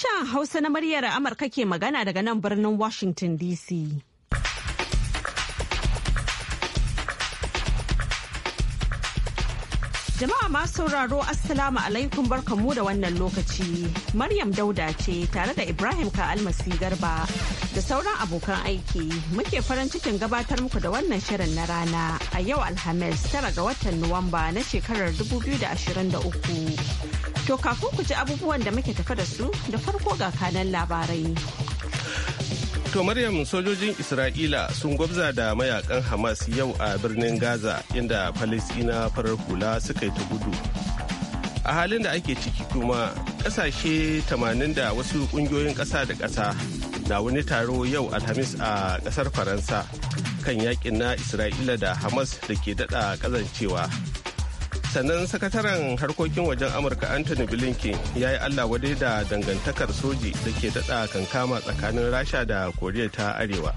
Sashen Hausa na muryar Amurka ke magana daga nan birnin Washington DC. Jama'a ma sauraro Assalamu alaikum barkamu da wannan lokaci. Maryam Dauda ce tare da Ibrahim Ka'almasi Garba da sauran abokan aiki muke farin cikin gabatar muku da wannan shirin na rana a yau Alhamis tara ga watan Nuwamba na shekarar 2023. To kafin ku ji abubuwan da muke tafa da su da farko ga kanan labarai. To Maryam sojojin Isra'ila sun gwabza da mayakan Hamas yau a birnin Gaza inda Falisina farar hula suka yi ta gudu. A halin da ake ciki kuma ƙasashe tamanin da wasu ƙungiyoyin ƙasa da ƙasa na wani taro yau Alhamis a ƙasar Faransa kan yakin na Isra'ila da Hamas da ke daɗa ƙazancewa. sannan sakataren harkokin wajen amurka anthony blinken ya yi allah wadai da dangantakar soji da ke daɗa kankama tsakanin rasha da koriya ta arewa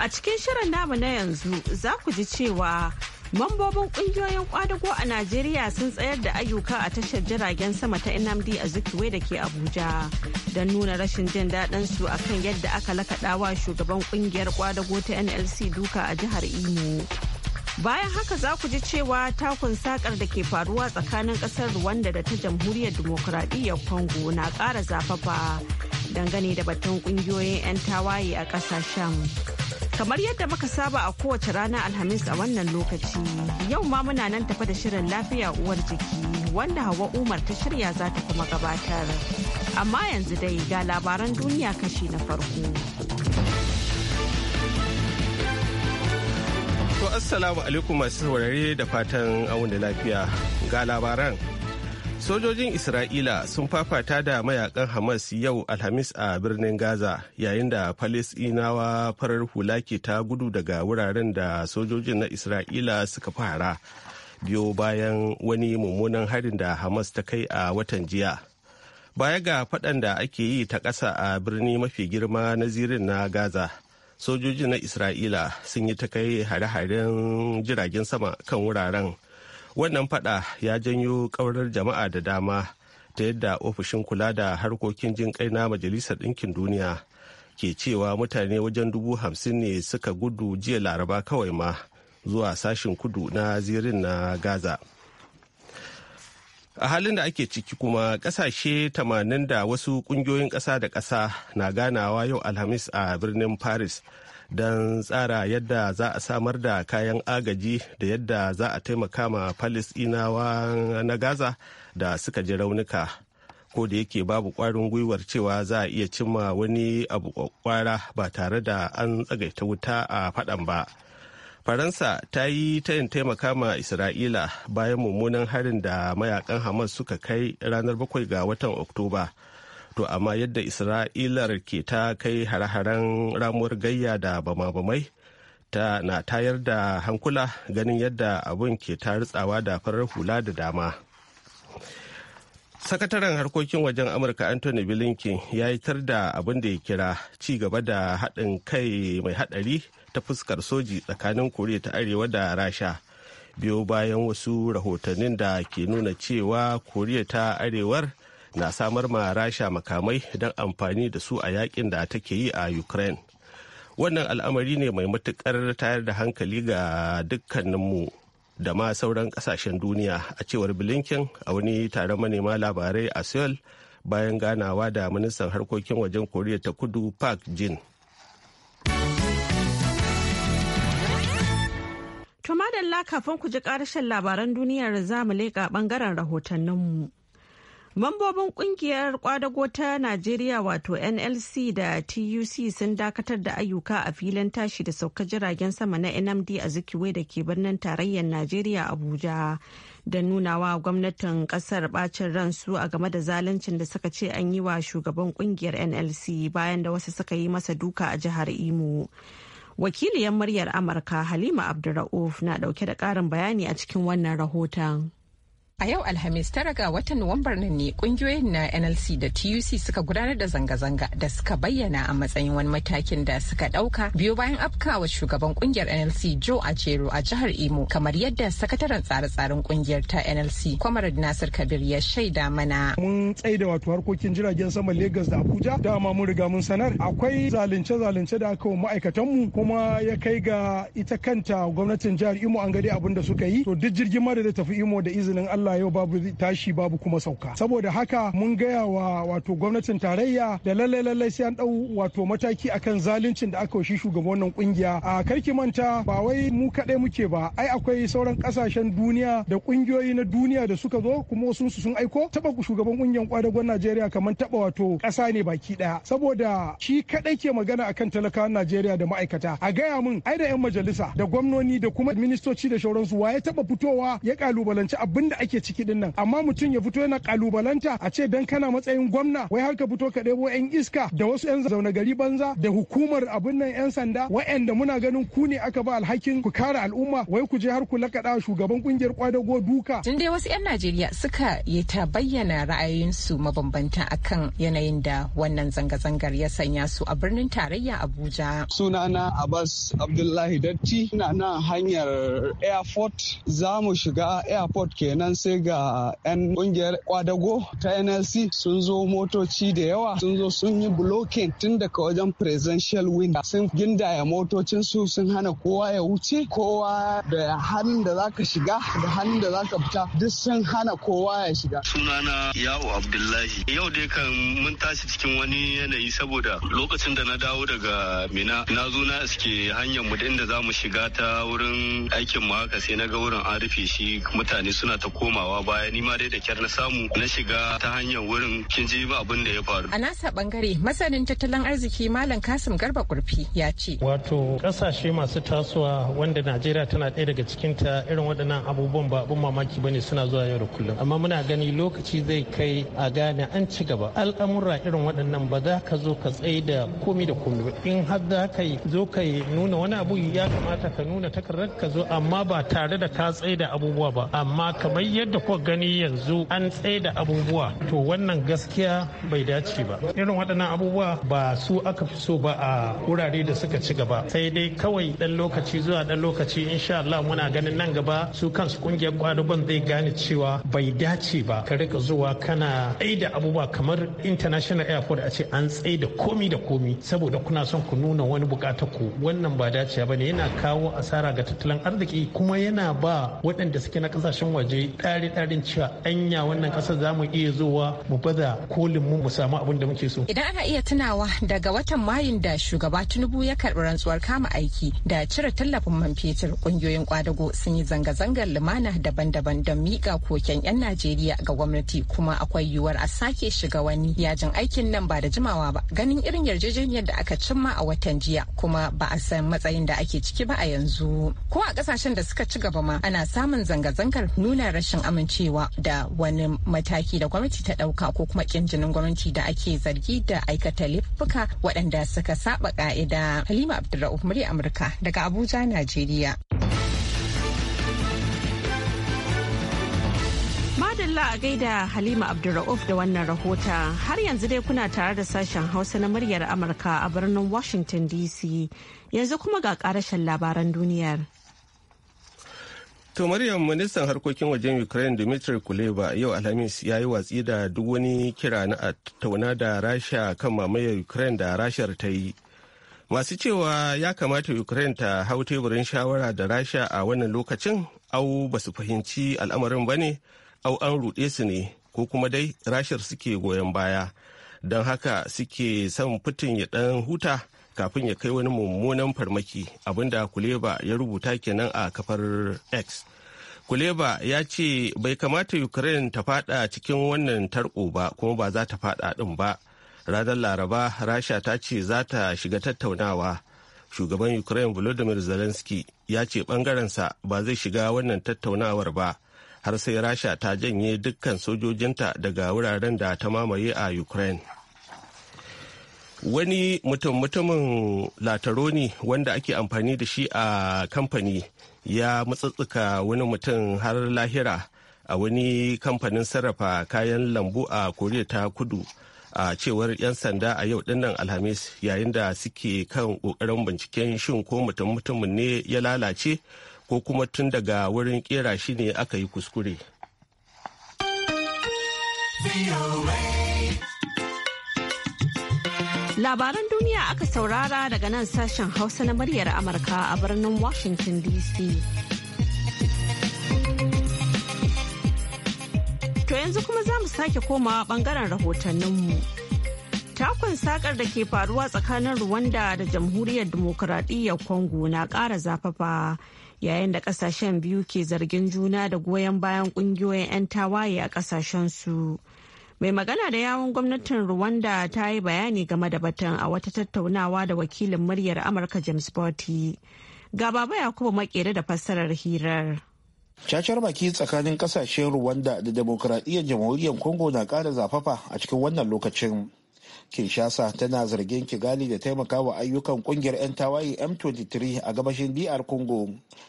a cikin shirin namu na yanzu za ku ji cewa mambobin kungiyoyin kwadago a najeriya sun tsayar da ayyuka a tashar jiragen sama ta nmd a zikiwe da ke abuja don nuna rashin jin daɗin su akan yadda aka lakaɗawa shugaban kungiyar kwadago ta nlc duka a jihar imo bayan haka za ku ji cewa takun sakar da ke faruwa tsakanin kasar rwanda da ta jamhuriyar demokuraɗiyyar congo na ƙara zafafa dangane da batun ƙungiyoyin 'yan tawaye a ƙasashen kamar yadda muka saba a kowace rana alhamis a wannan lokaci yau ma muna nan tafa da shirin lafiya uwar jiki wanda hawa umar ta shirya za ta kuma gabatar amma yanzu dai ga labaran duniya kashi na farko. assalamu alaikum masu saurare da fatan da lafiya ga labaran. Sojojin Isra'ila sun fafata da mayakan Hamas yau Alhamis a birnin Gaza yayin da Falasɗinawa farar hula ke ta gudu daga wuraren da sojojin na Isra'ila suka fara biyo bayan wani mummunan harin da Hamas ta kai a watan jiya. Baya ga faɗan da ake yi ta ƙasa a birni mafi girma na zirin na Gaza. sojoji na isra'ila sun yi ta kai hare-haren jiragen sama kan wuraren wannan fada ya janyo kaurar jama'a da dama ta yadda ofishin kula da harkokin jin kai na majalisar ɗinkin duniya ke cewa mutane wajen dubu hamsin ne suka gudu jiya laraba kawai ma zuwa sashin kudu na zirin na gaza a halin da ake ciki kuma kasashe 80 da wasu kungiyoyin ƙasa da ƙasa na ganawa yau alhamis a birnin paris don tsara yadda za a samar da kayan agaji da yadda za a taimaka ma palestinawa na gaza da suka ji raunuka ko da yake babu kwarin gwiwar cewa za a iya cimma wani abu kwara ba tare da an tsagaita wuta a faɗan ba. faransa ta yi tayin taimaka ma isra'ila bayan mummunan harin da mayakan hamas suka kai ranar bakwai ga watan oktoba to amma yadda isra'ilar ke ta kai hare-haren ramuwar gayya da bama-bamai ta na tayar da hankula ganin yadda abun ke ta ritsawa da farar hula da dama sakataren harkokin wajen amurka anthony blinken ya yi tar da abin da ya kira ci gaba da haɗin kai mai haɗari ta fuskar soji tsakanin koriya ta arewa da rasha biyo bayan wasu rahotannin da ke nuna cewa koriya ta arewar na samar ma rasha makamai don amfani da su a yakin da take yi a ukraine wannan al'amari ne mai matuƙar tayar da hankali ga dukkaninmu da ma sauran kasashen duniya a cewar blinken a wani taron manema labarai a seoul bayan ganawa da ministan harkokin wajen koriya ta kudu park jin to madalla kafin ku ji karshen labaran duniyar zamu leƙa bangaren rahotanninmu. mu Mambobin kungiyar kwadago ta Najeriya wato NLC da TUC sun dakatar da ayyuka a filin tashi da sauka jiragen sama na NMD a zikiwe da ke birnin tarayyar Najeriya Abuja da nunawa gwamnatin kasar bacin ransu a game da zaluncin da suka ce an yi wa shugaban kungiyar NLC bayan da wasu suka yi masa duka a jihar Imo. Wakiliyar muryar Amurka Halima Abdulra'uf na dauke da karin bayani a cikin wannan rahoton. A yau Alhamis tara ga watan Nuwambar nan ne kungiyoyin na NLC da TUC suka gudanar da zanga-zanga da suka bayyana a matsayin wani matakin da suka ɗauka biyo bayan afkawa shugaban kungiyar NLC Joe Ajero a jihar Imo kamar yadda sakataren tsare-tsaren kungiyar ta NLC kwamar Nasir Kabir ya shaida mana. Mun tsaida wato harkokin jiragen sama Lagos da Abuja dama mun riga mun sanar akwai zalunce-zalunce da aka wa ma'aikatanmu kuma ya kai ga ita kanta gwamnatin jihar Imo an gade abin da suka yi to duk jirgin ma da tafi Imo da izinin Allah Allah yau babu tashi babu kuma sauka saboda haka mun gaya wa wato gwamnatin tarayya da lalle lalle sai an dau wato mataki akan zaluncin da aka shi shugaban wannan kungiya a karki manta ba wai mu kadai muke ba ai akwai sauran kasashen duniya da kungiyoyi na duniya da suka zo kuma sun su sun aiko taba shugaban kungiyar kwadagon Najeriya kamar taba wato kasa ne baki daya saboda shi kadai ke magana akan talakawan Najeriya da ma'aikata a gaya mun ai da yan majalisa da gwamnoni da kuma ministoci da wa waye taba fitowa ya kalubalanci abin da ake ake ciki din nan amma mutum ya fito yana kalubalanta a ce dan kana matsayin gwamna wai har ka fito ka ɗebo yan iska da wasu yan zaune gari banza da hukumar abin nan yan sanda wa'anda muna ganin ku ne aka ba alhakin ku kare al'umma wai ku je har ku lakaɗa shugaban kungiyar kwadago duka. Tun dai wasu 'yan Najeriya suka yi ta bayyana ra'ayinsu mabambanta akan yanayin da wannan zanga-zangar ya sanya su a birnin tarayya Abuja. Sunana Abbas Abdullahi Datti na nan hanyar airport za mu shiga airport kenan sai ga 'yan kungiyar kwadago ta nlc sun zo motoci da yawa sun zo sun yi blocking tun daga wajen presidential window sun gindaya motocin su sun hana kowa ya wuce kowa da hannun da zaka shiga da hannun da zaka fita duk sun hana kowa ya shiga sunana yawo abdullahi yau dai kan mun tashi cikin wani yanayi saboda lokacin da na dawo daga mina na zo na iske hanyar mu da inda za shiga ta wurin aikin mu haka sai na ga wurin an rufe shi mutane suna ta koma komawa baya ni dai da kyar na samu na shiga ta hanyar wurin kin ji ba abin da ya faru a nasa bangare masanin tattalin arziki malam kasim garba kurfi ya ce wato kasashe masu tasowa wanda najeriya tana ɗaya daga cikin ta irin waɗannan abubuwan ba abun mamaki bane suna zuwa yau da kullum amma muna gani lokaci zai kai a gane an ci gaba al'amura irin waɗannan ba za ka zo ka tsaye da komi da komi ba in har za ka zo ka nuna wani abu ya kamata ka nuna takardar ka zo amma ba tare da ka tsaye da abubuwa ba amma kamar yadda kuka gani yanzu an tsaida abubuwa to wannan gaskiya bai dace ba irin waɗannan abubuwa ba su aka fi so ba a wurare da suka ci gaba sai dai kawai ɗan lokaci zuwa ɗan lokaci insha Allah muna ganin nan gaba su kansu kungiyar kwadugon zai gane cewa bai dace ba ka rika zuwa kana da abubuwa kamar international airport a ce an tsaida komi da komi saboda kuna son ku nuna wani bukatar ku wannan ba dace ba ne yana kawo asara ga tattalin arziki kuma yana ba waɗanda suke na kasashen waje ɗaya ɗari-ɗarin cewa anya wannan ƙasar za mu iya zuwa mu baza kolin mu mu samu abin da muke so. Idan ana iya tunawa daga watan Mayun da shugaba Tinubu ya karbi rantsuwar kama aiki da cire tallafin man fetur ƙungiyoyin kwadago sun yi zanga-zangar lumana daban-daban don miƙa koken 'yan Najeriya ga gwamnati kuma akwai yiwuwar a sake shiga wani yajin aikin nan ba da jimawa ba ganin irin yarjejeniyar da aka cimma a watan jiya kuma ba a san matsayin da ake ciki ba a yanzu. Ko a ƙasashen da suka ci gaba ma ana samun zanga-zangar nuna rashin rashin amincewa da wani mataki da gwamnati ta dauka ko kuma kin jinin gwamnati da ake zargi da aikata laifuka waɗanda suka saba ka'ida. Halima Abdurra'uf murya Amurka daga Abuja, Najeriya. Madalla a gaida Halima Abdulra'uf da wannan rahota har yanzu dai kuna tare da sashen Hausa na muryar Amurka a birnin Washington DC yanzu kuma ga karashen labaran duniyar. To Maryam ministan harkokin wajen Ukraine Dmitry Kuleba yau Alhamis ya yi watsi da duk wani kira na tauna da Rasha kan mamayar Ukraine da Rashar ta yi. Masu cewa ya kamata Ukraine ta hau teburin shawara da Rasha a wannan lokacin au ba su fahimci al'amarin ba ne, au an ruɗe su ne ko kuma dai Rashar suke goyon baya. Don haka suke son fitin ya ɗan huta kafin ya kai wani mummunan farmaki abinda kuleba ya rubuta kenan a kafar x kuleba ya ce bai kamata ukraine ta fada cikin wannan tarko ba kuma ba za ta fada din ba ranar laraba rasha ta ce za ta shiga tattaunawa shugaban ukraine volodymyr zelensky ya ce bangarensa ba zai shiga wannan tattaunawar ba har sai rasha ta janye dukkan sojojinta daga wuraren da ta mamaye a ukraine wani mutum-mutumin lataroni wanda ake amfani da shi a kamfani ya matsatsuka wani mutum har lahira a wani kamfanin sarrafa kayan lambu a koriya ta kudu a cewar 'yan sanda a yau dinnan alhamis yayin da suke kan kokarin binciken shin ko mutum-mutumin ne ya lalace ko kuma tun daga wurin kera shi ne aka yi kuskure. Labaran duniya aka saurara daga nan sashen Hausa na muryar Amurka a birnin Washington DC. To yanzu kuma za mu sake komawa bangaren rahotanninmu. Takun sakar da ke faruwa tsakanin Rwanda da Jamhuriyar Dimokuraɗiyyar Congo na ƙara zafafa yayin da ƙasashen biyu ke zargin juna da goyon bayan ƙungiyoyin 'yan tawaye a ƙasashensu. su. mai magana da yawun gwamnatin rwanda ta yi bayani game da batun a wata tattaunawa da wakilin muryar amurka james botti ga baba kuma makere da fassarar hirar cacar baki tsakanin kasashen rwanda da demokuraɗiyyar jamhuriyar congo na ƙara zafafa a cikin wannan lokacin kinshasa tana zargin kigali da taimaka wa ayyukan kungiyar 'yan tawaye m23 a gabashin dr congo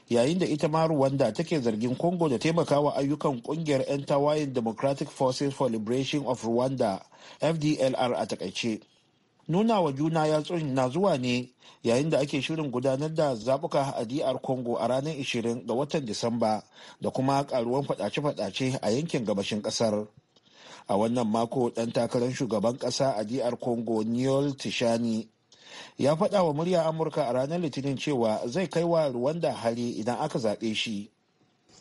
yayin da ita ma rwanda take zargin congo da taimaka wa ayyukan kungiyar 'yan tawayen democratic forces for liberation of rwanda fdlr a takaice nuna wa juna yatsun na zuwa ne yayin da ake shirin gudanar da zabuka a DR Congo a ranar 20 ga watan Disamba da kuma karuwan fadace-fadace a yankin gabashin kasar. a wannan mako dan takarar shugaban kasa a dr congo niol tishani ya faɗa wa murya amurka a ranar litinin cewa zai kai wa rwanda hari idan aka zaɓe shi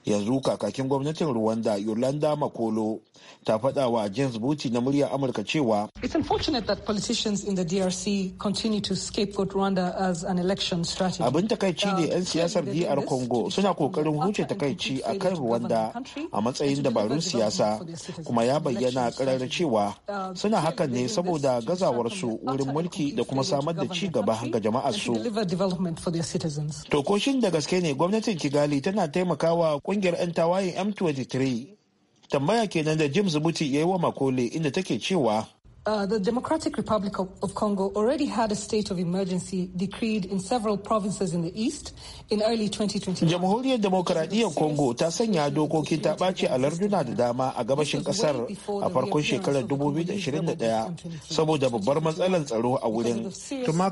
yanzu kakakin gwamnatin rwanda yolanda makolo ta faɗa wa james buti na murya amurka cewa it's unfortunate that politicians in the drc continue to scapegoat rwanda as an election strategy abin takaici ne uh, 'yan siyasar dr congo suna kokarin huce takaici a kan rwanda a matsayin dabarun siyasa kuma ya bayyana karar cewa uh, suna hakan ne saboda gazawarsu wurin mulki da kuma samar da ci gaba ga jama'ar su to koshin da gaske ne gwamnatin kigali tana taimakawa kungiyar 'yan tawayin M23. Tambaya kenan da James Buti ya yi wa Makole inda take cewa Uh, the Democratic Republic of, of, Congo already had a state of emergency decreed in several provinces in the east in early 2020. Jamhuriyar Congo ta sanya ta a larduna da dama a gabashin ƙasar a farkon shekarar 2021 saboda babbar matsalar tsaro a wurin.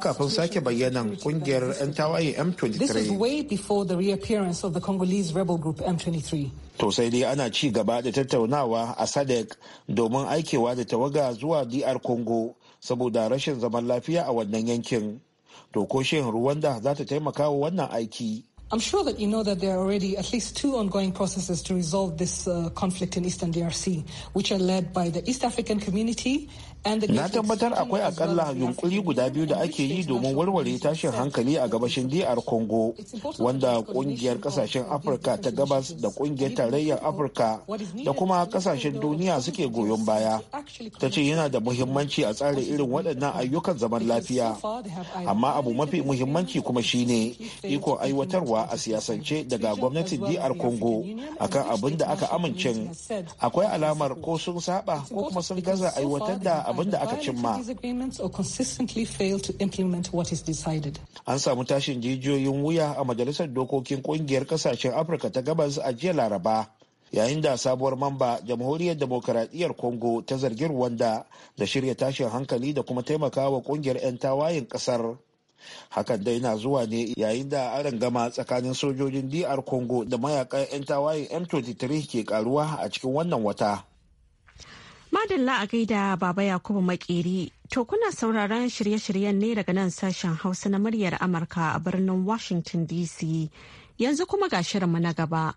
kafin sake bayyanan kungiyar 'yan tawaye M23. This is way before the reappearance of the Congolese rebel group M23. to sai dai ana ci gaba da tattaunawa a sadec domin aikewa da tawaga zuwa dr congo saboda rashin zaman lafiya a wannan yankin to ko shin ruwanda za ta taimaka wa wannan aiki I'm sure that you know that there are already at least two ongoing processes to resolve this uh, conflict in Eastern DRC, which are led by the East African Community Na tabbatar akwai akalla yunkuri guda biyu da ake yi domin warware tashin hankali a gabashin DR Congo, wanda kungiyar kasashen Afirka ta gabas da kungiyar tarayyar Afirka da kuma kasashen duniya suke goyon baya. Ta ce yana da muhimmanci a tsara irin waɗannan ayyukan zaman lafiya. Amma abu mafi muhimmanci kuma shine iko aiwatarwa a siyasance daga gwamnatin DR Congo akan abin da aka amince. Akwai alamar ko sun saba ko kuma sun gaza aiwatar da abin da aka cimma. An samu tashin jijiyoyin wuya a Majalisar Dokokin Kungiyar Kasashen Afirka ta Gabas a jiya Laraba. Yayin da sabuwar mamba jamhuriyar demokaradiyyar Congo ta zargi Rwanda da shirya tashin hankali da kuma taimakawa kungiyar 'yan tawayen kasar. Hakan dai na zuwa ne yayin da aron gama tsakanin sojojin DR Congo da mayakan 'yan tawayen M23 ke karuwa a cikin wannan wata. Madalla a gaida Baba Yakubu Makeri. To kuna sauraron shirye-shiryen ne daga nan sashen Hausa na muryar Amurka a birnin Washington DC. Yanzu kuma ga shirinmu na gaba.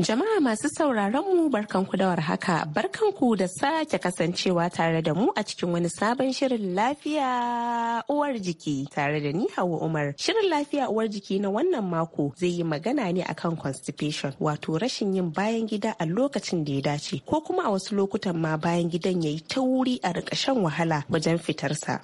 Jama'a masu sauraron mu barkanku da warhaka barkanku da sake kasancewa tare da mu a cikin wani sabon shirin lafiya uwar jiki tare da ni Hauwa Umar. Shirin lafiya uwar jiki na wannan mako zai yi magana ne akan constipation wato rashin yin bayan gida a lokacin da ya dace ko kuma a wasu lokutan ma bayan gidan yayi ta wuri a rika wahala wajen fitarsa.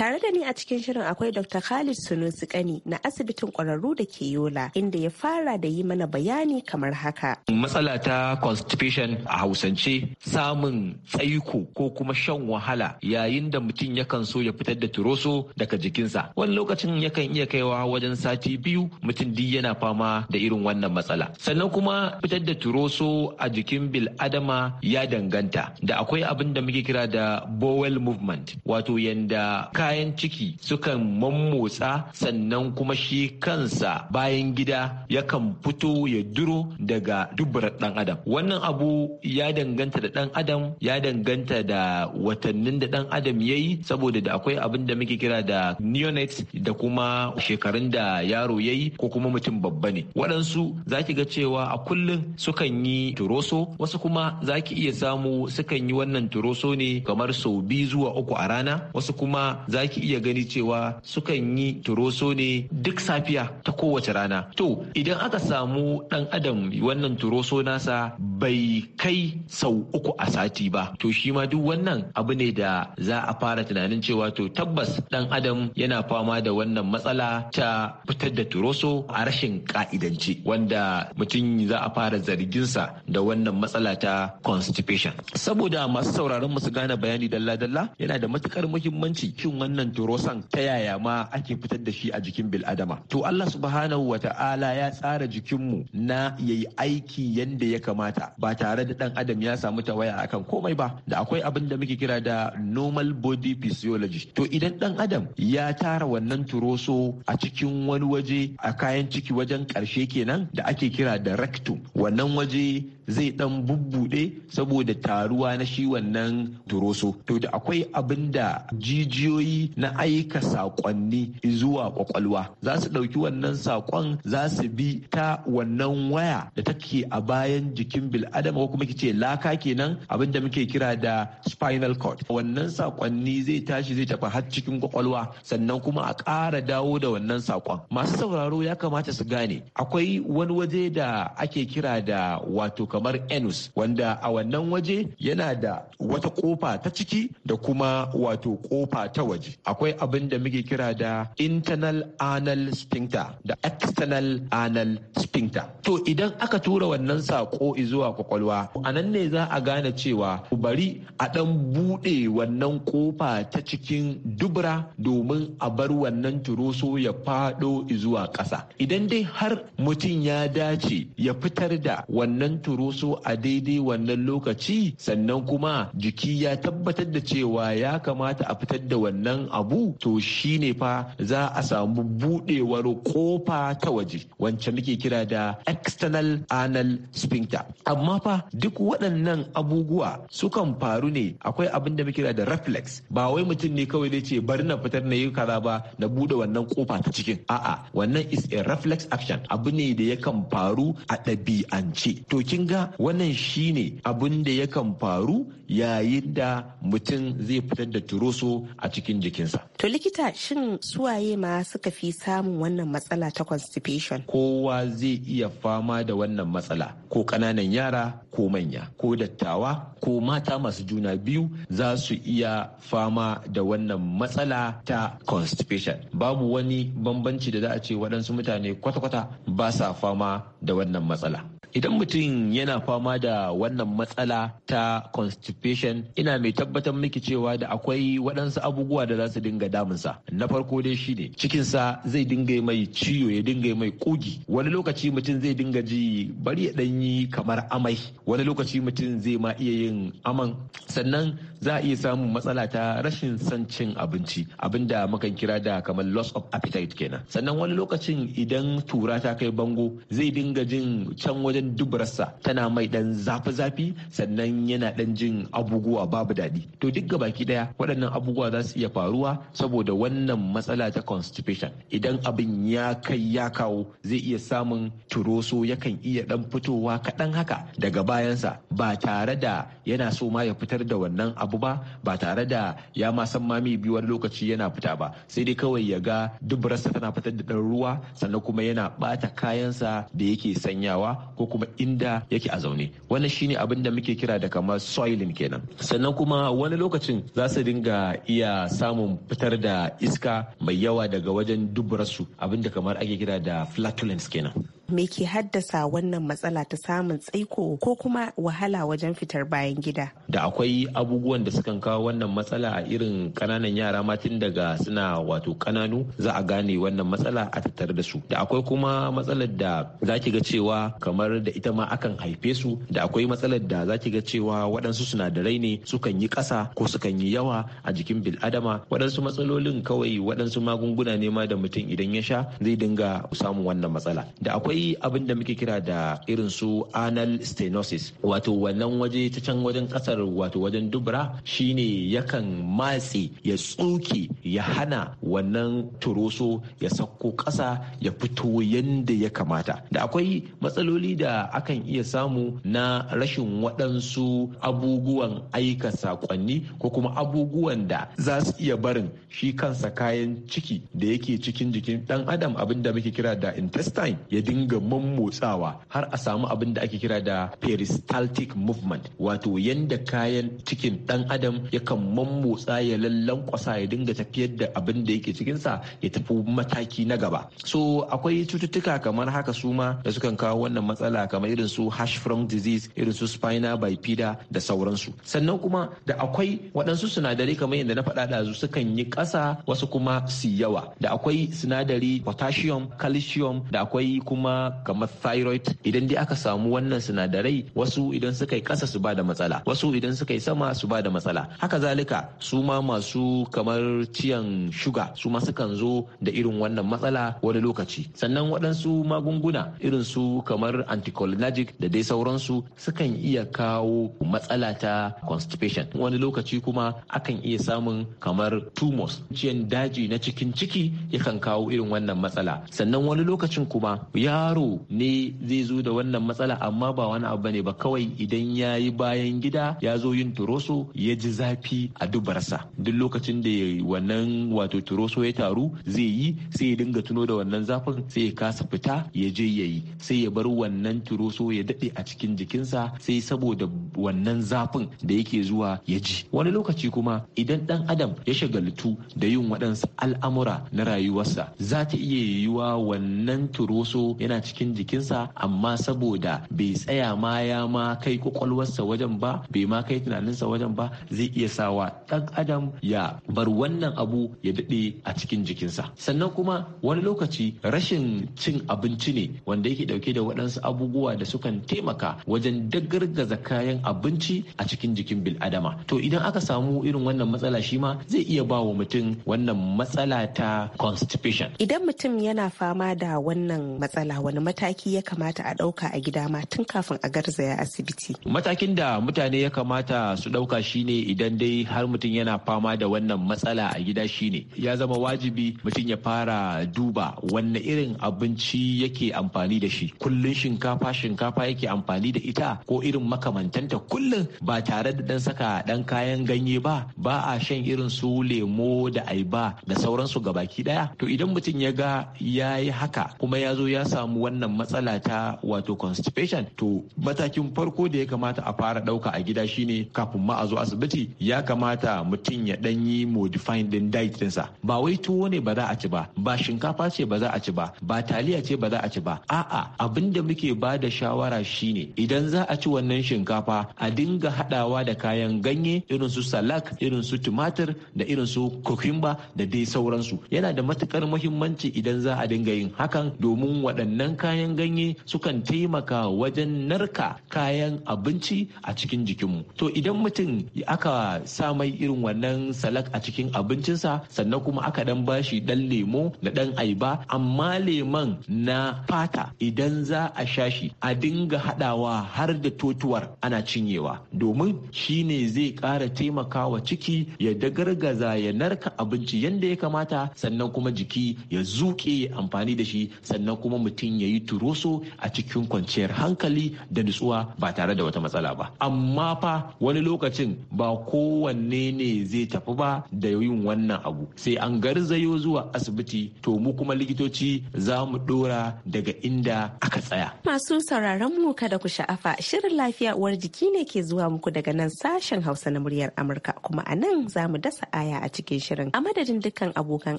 Tare da ni a cikin shirin akwai Dr. Khalid Sunusi Kani na asibitin ƙwararru da ke Yola inda ya fara da yi mana bayani kamar haka. Matsala ta constipation a Hausance samun tsaiko ko kuma shan wahala yayin da mutum yakan so ya fitar da turoso daga jikinsa. Wani lokacin yakan iya kaiwa wajen sati biyu mutum duk yana fama da irin wannan matsala. Sannan kuma fitar da turoso a jikin bil adama ya danganta da akwai abin da muke kira da bowel movement wato yanda ka kayan ciki sukan mammotsa sannan kuma shi kansa bayan gida yakan fito ya duro daga dubbar ɗan adam wannan abu ya danganta da ɗan adam ya danganta da watannin da ɗan adam ya yi saboda da akwai abin da muke kira da neonates da kuma shekarun da yaro ya yi ko kuma mutum babba ne waɗansu za ki ga cewa a kullum sukan yi turoso wasu kuma za ki iya samu sukan yi wannan turoso ne kamar sau biyu zuwa uku a rana wasu kuma za za ki iya gani cewa sukan yi turoso ne duk safiya ta kowace rana to idan aka samu ɗan adam wannan turoso nasa bai kai sau uku a sati ba to shi ma duk wannan abu ne da za a fara tunanin cewa to tabbas ɗan adam yana fama da wannan matsala ta fitar da turoso a rashin ka'idanci wanda mutum za a fara zarginsa da wannan matsala ta constipation saboda masu sauraron su gane bayani dalla-dalla yana da matukar muhimmanci shin wannan turosan ta yaya ma ake fitar da shi a jikin bil'adama to Allah subhanahu wa ta'ala ya tsara jikinmu na yayi aiki yanda ya kamata ba tare da dan adam ya samu tawaya akan komai ba da akwai abin da muke kira da normal body physiology to idan dan adam ya tara wannan turoso a cikin wani waje a kayan ciki wajen karshe kenan da ake kira da rectum wannan waje zai dan bubbude saboda taruwa na shi wannan turoso to da akwai abin da jijiyoyi na aika sakonni zuwa kwakwalwa za su ɗauki wannan sakon za su bi ta wannan waya da take a bayan jikin bil'adama ko kuma kice laka kenan abin da muke kira da spinal cord wannan sakonni zai tashi zai tafi har cikin kwakwalwa sannan kuma a ƙara dawo da wannan sakon masu sauraro ya kamata su gane akwai wani waje da ake kira da wato kamar enus wanda a wannan waje yana da wata kofa ta ciki da kuma wato kofa ta waje akwai abin da muke kira da internal anal sphincter da external anal sphincter to idan aka tura wannan sako zuwa kwakwalwa anan ne za a gane cewa bari a dan bude wannan kofa ta cikin dubura domin a bar wannan turoso ya fado zuwa ƙasa idan dai har mutum ya dace ya fitar da wannan turo su a daidai wannan lokaci sannan kuma jiki ya tabbatar da cewa ya kamata a fitar da wannan abu to shine fa za a samu budewar kofa ta waje wancan muke kira da external anal sphincter amma fa duk waɗannan abubuwa sukan faru ne akwai abin da muke kira da reflex ba wai mutum ne kawai zai ce bari na fitar na yi kaza ba na bude wannan kofa ta cikin a'a wannan is a reflex action abu ne da yakan faru a ɗabi'ance to kin ga wannan shine abin da yakan faru yayin da mutum zai fitar da turoso a cikin jikinsa. To likita shin suwaye ma suka fi samun wannan matsala ta constipation? Kowa zai iya fama da wannan matsala ko ƙananan yara ko manya ko dattawa ko mata masu juna biyu za su iya fama da wannan matsala ta constipation. Babu wani bambanci da za a ce waɗansu mutane kwata-kwata ba sa fama da wannan matsala. idan mutum yana fama da wannan matsala ta constipation ina mai tabbatar miki cewa da akwai waɗansu abubuwa da za su dinga damunsa na farko dai shine cikinsa zai dinga mai ciwo ya dinga mai kugi wani lokaci mutum zai dinga ji bari ya ɗanyi kamar amai wani lokaci mutum zai ma iya yin aman sannan za a iya samun matsala ta rashin son cin abinci abinda mukan kira da kamar loss of appetite kenan sannan wani lokacin idan tura ta kai bango zai dinga jin can wajen wajen dubarsa tana mai dan zafi-zafi sannan yana dan jin abubuwa babu daɗi to duk ga baki daya waɗannan abubuwa za su iya faruwa saboda wannan matsala ta constipation idan abin ya kai ya kawo zai iya samun turoso yakan iya dan fitowa kaɗan haka daga bayansa ba tare da yana so ma ya fitar da wannan abu ba ba tare da ya ma san ma mai biyuwar lokaci yana fita ba sai dai kawai ya ga dubararsa tana fitar da ɗan ruwa sannan kuma yana ɓata kayansa da yake sanyawa ko kuma inda yake a zaune wannan shine abin da muke kira da kamar soiling kenan sannan kuma wani lokacin za su dinga iya samun fitar da iska mai yawa daga wajen duburarsu abin da kamar ake kira da flatulence kenan me ke haddasa wannan matsala ta samun tsaiko ko kuma wahala wajen fitar bayan gida da akwai abubuwan da sukan kawo wannan matsala a irin kananan yara ma daga suna wato kananu za a gane wannan matsala a tattare da su da akwai kuma matsalar da za ki ga cewa kamar da ita ma akan haife su da akwai matsalar da za ki ga cewa waɗansu sinadarai ne sukan yi ƙasa ko sukan yi yawa a jikin bil'adama waɗansu matsalolin kawai waɗansu magunguna ne ma da mutum idan ya sha zai dinga samun wannan matsala da akwai akwai abin da muke kira da irin su anal stenosis wato wannan waje ta can wajen kasar wato wajen dubura shine yakan matse ya tsuke ya hana wannan turoso ya sauko kasa ya fito yadda ya kamata da akwai matsaloli da akan iya samu na rashin waɗansu abubuwan aika saƙonni ko kuma abubuwan da za su iya barin shi kansa kayan ciki da yake cikin jikin ɗan adam abin da muke kira da intestine ya dinga dinga mammotsawa har a samu abin da ake kira da peristaltic movement wato yanda kayan cikin dan adam yakan mammotsa ya lallan lallankwasa ya dinga tafiyar da abin da yake cikinsa ya tafi mataki na gaba so akwai cututtuka kamar haka su ma da sukan kawo wannan matsala kamar irin su hash from disease irin su spina bifida da sauransu sannan kuma da akwai waɗansu sinadarai kamar yadda na faɗa ɗazu sukan yi ƙasa wasu kuma su yawa da akwai sinadari potassium calcium da akwai kuma kuma kamar thyroid idan dai aka samu wannan sinadarai wasu idan suka yi ƙasa su ba da matsala wasu idan suka yi sama su ba da matsala haka zalika su ma masu kamar ciyan shuga su ma sukan zo da irin wannan matsala wani lokaci sannan waɗansu magunguna irin su kamar anticholinergic da dai sauransu sukan iya kawo matsala ta constipation wani lokaci kuma akan iya samun kamar tumors ciyan daji na cikin ciki yakan kawo irin wannan matsala sannan wani lokacin kuma ya yaro ne zai zo da wannan matsala amma ba wani abu ne ba kawai idan ya yi bayan gida ya zo yin turoso ya ji zafi a dubarsa duk lokacin da wannan wato turoso ya taru zai yi sai ya dinga tuno da wannan zafin sai ya kasa fita ya je ya yi sai ya bar wannan turoso ya daɗe a cikin jikinsa sai saboda wannan zafin da yake zuwa ya ji wani lokaci kuma idan ɗan adam ya shagaltu da yin waɗansu al'amura na rayuwarsa za ta iya yiwuwa wannan turoso yana cikin jikinsa amma saboda bai tsaya ma ya ma kai kwakwalwarsa wajen ba bai ma kai tunaninsa wajen ba zai iya sawa ɗan adam ya bar wannan abu ya daɗe a cikin jikinsa sannan kuma wani lokaci rashin cin abinci ne wanda yake ɗauke da waɗansu abubuwa da sukan taimaka wajen daggargaza kayan abinci a cikin jikin bil adama to idan aka samu irin wannan matsala shi ma zai iya ba wa mutum wannan matsala ta constipation idan mutum yana fama da wannan matsala wani mataki ya kamata a ɗauka a gida ma tun kafin a garzaya asibiti. Matakin da mutane ya kamata su ɗauka shine idan dai har mutum yana fama da wannan matsala a gida shine ya zama wajibi mutum ya fara duba wanne irin abinci yake amfani da shi kullun shinkafa shinkafa yake amfani da ita ko irin makamantanta kullun ba tare da dan saka dan kayan ganye ba ba a shan irin su lemo da aiba da sauransu gabaki daya to idan mutum ya ga ya yi haka kuma ya zo ya samu samu wannan matsala ta wato constipation to matakin farko da ya kamata a fara ɗauka a gida shine kafin ma a zo asibiti ya kamata mutum ya ɗan yi modifying din diet ɗinsa ba wai tuwo ne ba za a ci ba ba shinkafa ce ba za a ci ba ba taliya ce ba za a ci ba a'a abinda muke ba da shawara shine idan za a ci wannan shinkafa a dinga haɗawa da kayan ganye irin su salak irin su tumatir da irin su cucumber da dai sauransu yana da matukar muhimmanci idan za a dinga yin hakan domin waɗannan waɗannan kayan ganye sukan taimaka wajen narka kayan abinci a cikin jikinmu to idan mutum aka samai irin wannan salak a cikin abincinsa sannan kuma aka dan bashi dan lemo da dan aiba amma leman na fata idan za a sha shi a dinga hadawa har da totuwar ana cinyewa domin shi ne zai kara taimakawa ciki ya dagargaza ya narka abinci yadda ya kamata sannan kuma jiki ya zuke amfani da shi sannan kuma mutum mutum ya yi turoso a cikin kwanciyar hankali da nutsuwa ba tare da wata matsala ba amma fa wani lokacin ba kowanne ne zai tafi ba da yin wannan abu sai an garzayo zuwa asibiti to mu kuma likitoci za mu dora daga inda aka tsaya masu sauraron mu kada ku sha'afa shirin lafiya uwar jiki ne ke zuwa muku daga nan sashen hausa na muryar amurka kuma a nan za mu dasa aya a cikin shirin a madadin dukkan abokan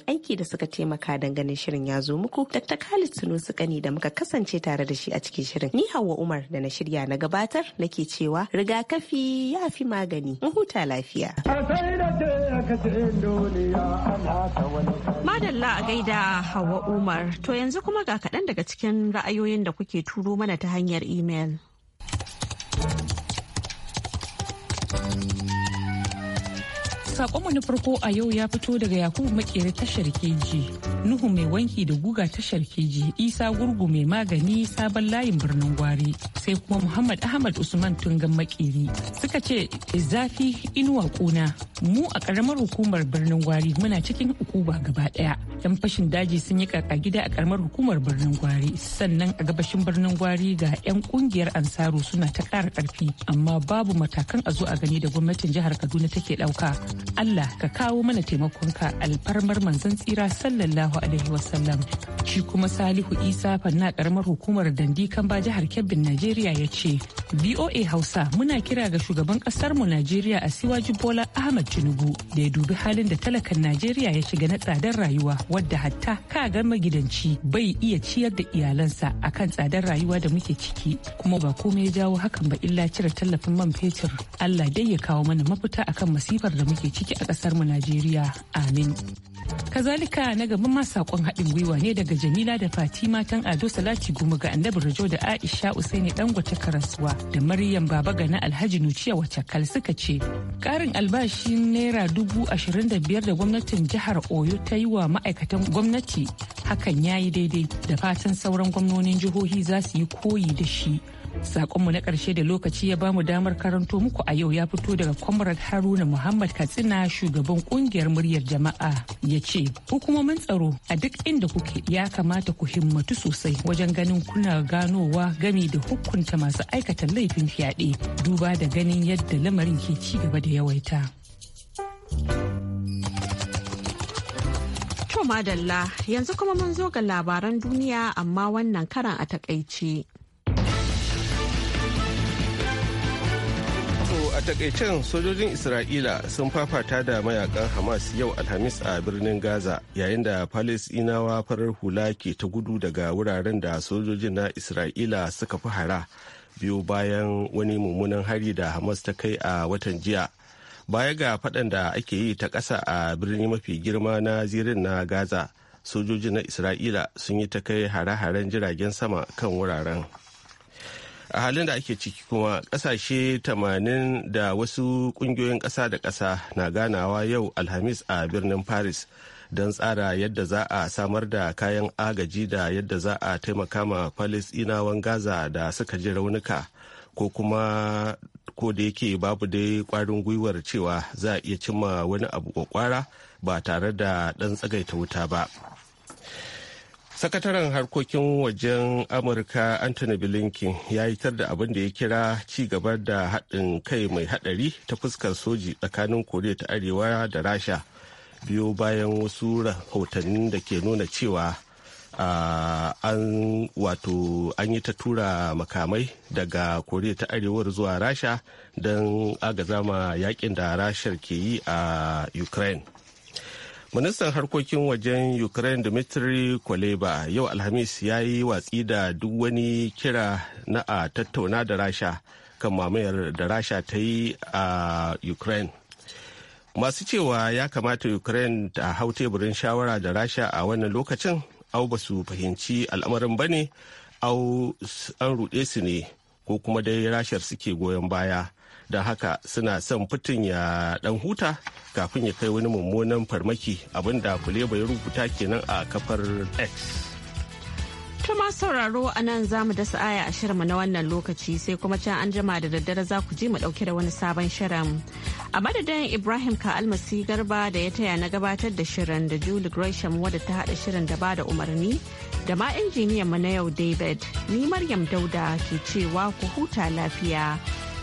aiki da suka taimaka dangane shirin ya zo muku dr khalid sunusu kani da muka kasance tare da shi a cikin shirin. Ni Hauwa Umar da na shirya na gabatar nake cewa rigakafi ya fi magani. Mu huta lafiya. Madalla a gaida Hauwa Umar. To yanzu kuma ga kaɗan daga cikin ra'ayoyin da kuke turo mana ta hanyar imel. Sakonmu na farko a yau ya fito daga Yakubu makere tashar keji, Nuhu mai wanki da guga tashar keji, Isa Gurgu mai magani sabon layin birnin Gwari, sai kuma Muhammad Ahmad Usman Tungan Makeri. Suka ce eh, zafi inuwa kuna mu a karamar hukumar birnin Gwari muna cikin ukuba gaba daya. 'yan fashin daji sun yi kaka gida a karamar hukumar birnin gwari sannan a gabashin birnin gwari ga 'yan kungiyar ansaru suna ta kara karfi amma babu matakan a zo a gani da gwamnatin jihar kaduna take dauka allah ka kawo mana taimakonka alfarmar manzon tsira sallallahu alaihi sallam shi kuma salihu isa fanna karamar hukumar dandi kamba jihar kebbin najeriya ya ce voa hausa muna kira ga shugaban kasar mu najeriya a siwaji bola ahmad tinubu da ya dubi halin da talakan najeriya ya shiga na tsadar rayuwa wadda hatta ka magidanci bai iya ciyar da iyalansa akan tsadar rayuwa da muke ciki kuma ba komai ya jawo hakan ba illa cire tallafin man fetur Allah dai ya kawo mana mafita akan masifar da muke ciki a kasar mu Najeriya amin kazalika na gaban ma sakon haɗin gwiwa ne daga jamila da fatima tan ado salati gumu ga annabi rajo da aisha usaini dangote karasuwa da maryam baba gana alhaji nuciya wacakal suka ce Karin albashin naira dubu ashirin da biyar da gwamnatin jihar oyo ta yi wa ma'aikatan gwamnati hakan ya yi daidai da fatan sauran gwamnonin jihohi za su yi koyi da shi Sakonmu na ƙarshe da lokaci ya bamu damar karanto muku a yau ya fito daga Comrade Haruna Muhammad Katsina shugaban kungiyar muryar jama'a ya ce hukumomin tsaro a duk inda kuke ya kamata ku himmatu sosai wajen ganin kuna ganowa gami da hukunta masu aikata laifin fyaɗe duba da ganin yadda lamarin ke ci gaba da yawaita. To madalla yanzu kuma mun zo ga labaran duniya amma wannan karan a takaice. takaicen sojojin Isra'ila sun fafata da mayakan Hamas yau Alhamis a birnin Gaza yayin da Falasinawa farar hula ke ta gudu daga wuraren da sojojin na Isra'ila suka fi hara biyu bayan wani mummunan hari da Hamas ta kai a watan jiya. Baya ga faɗan da ake yi ta ƙasa a birni mafi girma na zirin na Gaza, sojojin na Isra'ila sun yi ta kai hare-haren jiragen sama kan wuraren. a halin da ake ciki kuma kasashe 80 da wasu kungiyoyin ƙasa da ƙasa na ganawa yau alhamis a birnin paris don tsara yadda za a samar da kayan agaji da yadda za a taimaka ma falisdinawan gaza da suka ji raunuka ko kuma ko da yake babu dai kwarin gwiwar cewa za a iya cimma wani abu kwakwara ba tare da ɗan tsagaita wuta ba. sakataren harkokin wajen amurka anthony blinken ya yitar da abin da ya kira ci gaba da haɗin kai mai haɗari ta fuskar soji tsakanin koriya ta arewa da rasha biyo bayan wasu rahotannin da ke nuna cewa an wato an yi ta tura makamai daga koriya ta arewar zuwa rasha don agazama yakin da rashar ke yi a ukraine ministan harkokin wajen ukraine dmitry kwaleba yau alhamis ya yi watsi da duk wani kira na a tattauna da rasha kan mamayar da rasha ta yi a ukraine masu cewa ya kamata ukraine ta hau teburin shawara da rasha a wannan lokacin au ba su fahimci al'amarin ba ne au an ruɗe su ne ko kuma dai rashar suke goyon baya da haka suna son fitin ya dan huta kafin ya kai wani mummunan farmaki abinda kuleba ya rubuta kenan a kafar x Tuma sauraro a nan za mu dasa aya a shirin na wannan lokaci sai kuma can an jima da daddare za ku ji mu dauke da wani sabon shirin. A madadin Ibrahim ka almasi garba da ya taya na gabatar da shirin da Julie Gresham wadda ta hada shirin da ba da umarni da ma injiniyan mu na yau David. Ni Maryam Dauda ke cewa ku huta lafiya.